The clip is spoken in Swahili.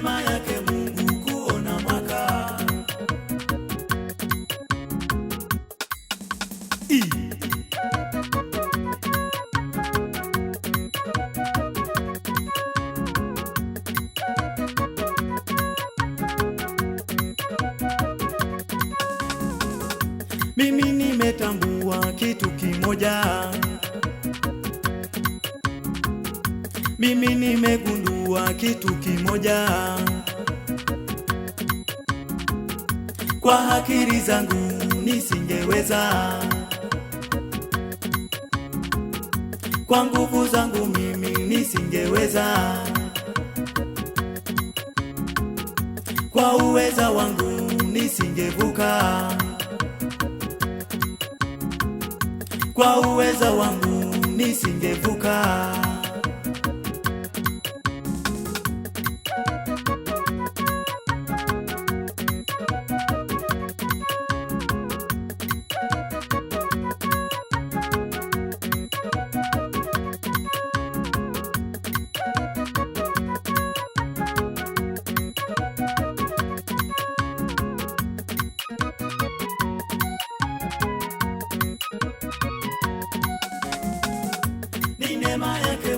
neema yake Mungu kuona mwaka I. Mimi nimetambua kitu kimoja, mimi nimegundua kuwa kitu kimoja. Kwa akili zangu nisingeweza, kwa nguvu zangu mimi nisingeweza, kwa uweza wangu nisingevuka, kwa uweza wangu nisingevuka. My.